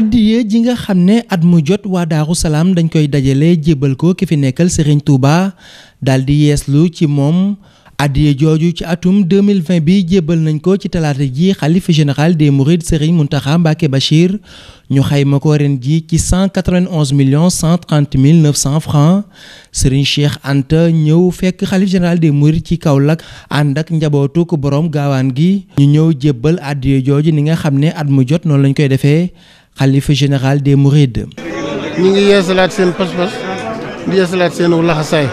addiye ji nga xam ne at mu jot waa daaru salaam dañ koy dajale jébbal ko ki fi nekkal Serigne Touba daal di yeeslu ci moom addiye jooju ci atum 2020 bi jébbal nañ ko ci talaata ji xalif général de mourides Serigne Mountakha Mbacké Bachir ñu xayma ko ren ji ci million cent 130 mille 900 francs Serigne Cheikh Anta ñëw fekk xalif général des mourides ci kaw Kaolack ànd ak njabootu ko boroom gaawaan gi ñu ñëw jébbal addiye jooju ni nga xam ne at mu jot noonu lañ koy defee xalifa général des Mourides. ñu ngi yeesalaat seen pas-pas di yeesalaat seen laxasaay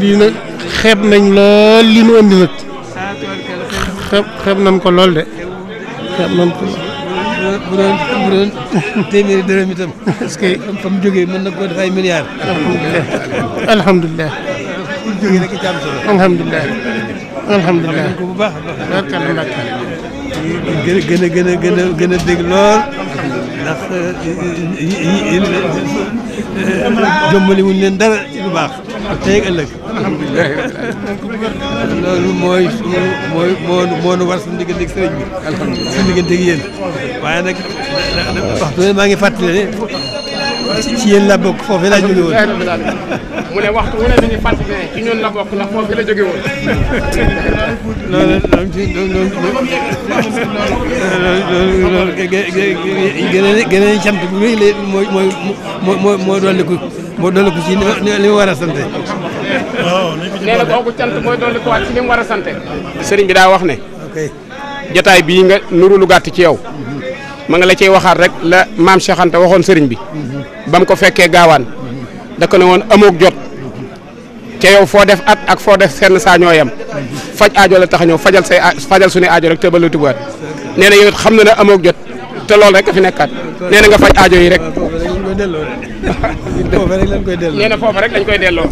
lii nag xeeb nañ lool li nu andi nag xeeb xeeb nañ ko lool de xeeb nañ ko. bu doon bu doon téeméeri mën na ko def ay milliards. alhamdulilah. alhamdulilah. gën gën a gën a gën a gën a lool ndax euh, euh, euh, jombali wuñ leen dara ci lu baax tey ak ëllëg loolu mooy sunu mooy moo moo nu war suñu diggante ak sëriñ bi suñu diggante ak yéen waaye nag waxtu maa ngi fàttali ne ci yéen la bokk foofu la jóge mu ne waxtu mu ne dañuy fàttali ne ci ñun la bokk ndax foofu la jóge woon loolu loolu gën gën a cant bu mooy mooy moo moo dolli ci li mu war a sante waaw nee na kooku mooy dolli ci li mu war a sante sëriñ bi daa wax ne jataay bii nga nuru lu gàtt ci yow ma nga la cey waxaat rek la maam Cheikh waxoon sëriñ bi ba ko fekkee gaawaan da ko ne woon amoog jot ca yow foo def at ak foo def seen saa ñoo yem faj aajo la tax a ñëw fajal say fajal suñu aajo rek te ba la tubaat nee na yow xam na ne amoog jot te loolu rek a fi nekkaat nee na nga faj aajo yi rek. foofu rek lañ koy delloo nee na rek dañ koy delloo.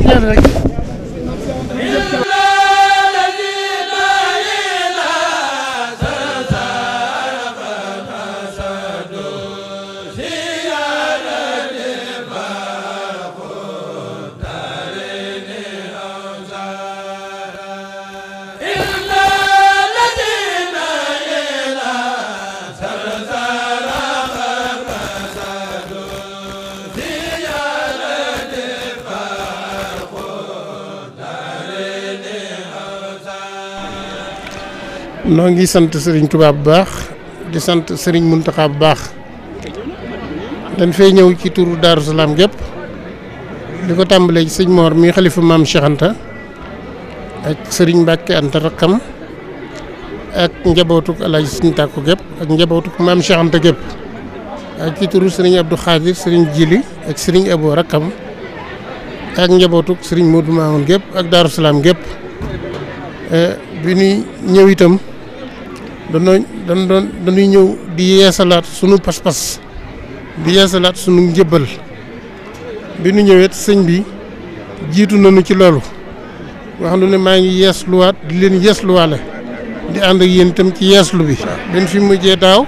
noo ngi sant sëriñ tubaab bu baax di sant Serigne Mountakha bu baax dañ fay ñëw ci turu Darou Salaam gépp li ko tàmbalee ci sëñ Mor mi xalifa maam Cheikh ak sëriñ Mbacke Anta rakkam ak njabootuk Alaaji Sëñ Tàkku gépp ak njabootuk maam Cheikh Anta gépp ak ci turu Serigne Abdou Khadir Serigne Jili ak Serigne Abo rakkam ak njabootuk sëriñ Modou Mamoun gépp ak Darou Salaam gépp eh, bi ñuy ñëw itam dañoo dañuy ñëw di yeesalaat sunu pas-pas di yeesalaat sunu njëbbal bi nu ñëwee sëñ bi jiitu nañu ci loolu wax nu ne maa ngi yeesluwaat di leen yeesluwaale di ànd ak yéen tam ci yeeslu bi. dañ fi mujjee daaw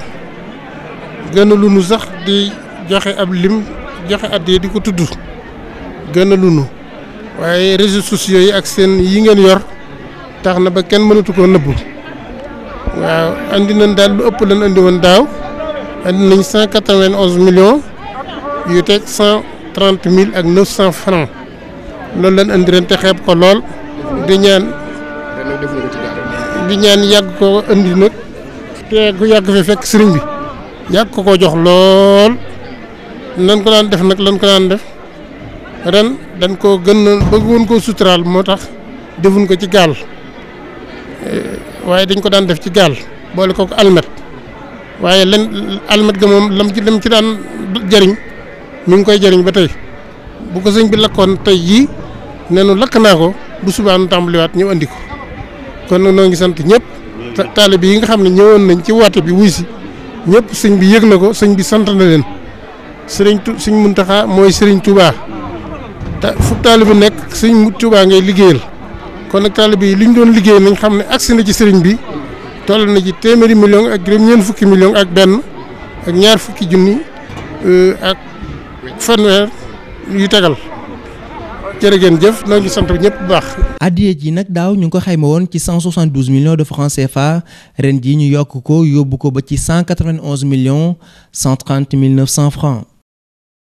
nu sax di joxe ab lim joxe addee di ko tudd gënaluñu waaye réseaux sociaux yi ak seen yi ngeen yor. tax na ba kenn mënatu koo nëbbu waaw indi nañ daal lu ëpp lañ andi woon daaw andi nañ cent quatre-vingt-onze millions yu teg cent trente mille ak neuf cent francs loolu lañ andi ren te xeeb ko lool di ñaan di ñaan yàgg ko andi nag te ku yàgg fi fekk sëriñ bi yàgg ko koo jox lool lan ko daan def nag lan ko daan def ren dañ ko gën a bëgg woon koo suturaal moo tax defuñ ko ci gaal waaye dañ ko daan def ci gaal boole ko almet waaye len almet ga moom lam ci lam ci daan jëriñ mu ngi koy jëriñ ba tey bu ko sëñ bi lakkoon tey jii ne nu lakk naa ko bu subaa nu tàmbaliwaat ñëw andi ko kon noo ngi sant ñëpp taalib yi nga xam ne ñëwoon nañ ci woote bi wuy si ñëpp sëñ bi yëg na ko sëñ bi sant na leen sëriñ tu sëñ Muntaxa mooy sëriñ Touba te fu taalib bi nekk sëñ Touba ngay liggéeyal. kon nag taalibe yi li ñu doon liggéey nañ xam ne agsi na ci sëriñ bi toll na ji téeméeri million ak juróom-ñeent fukki million ak benn ak ñaar fukki junni euh, ak fanweer yu tegal jërë ngeen jëf ñoo ngi sant ñëpp bu baax. addiya ji nag daaw ñu ngi ko xayma woon ci 172 millions de francs CFA ren jii ñu yokk ko yóbbu ko ba ci 191 millions 130 mille 900 francs.